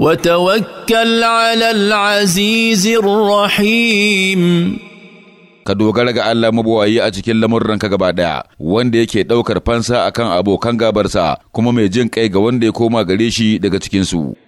وتوكل على العزيز الرحيم ka dogara ga Allah mabuwayi a cikin lamurranka gaba ɗaya, wanda yake ɗaukar fansa akan abokan gabarsa kuma mai jin kai ga wanda ya koma gare shi daga cikin su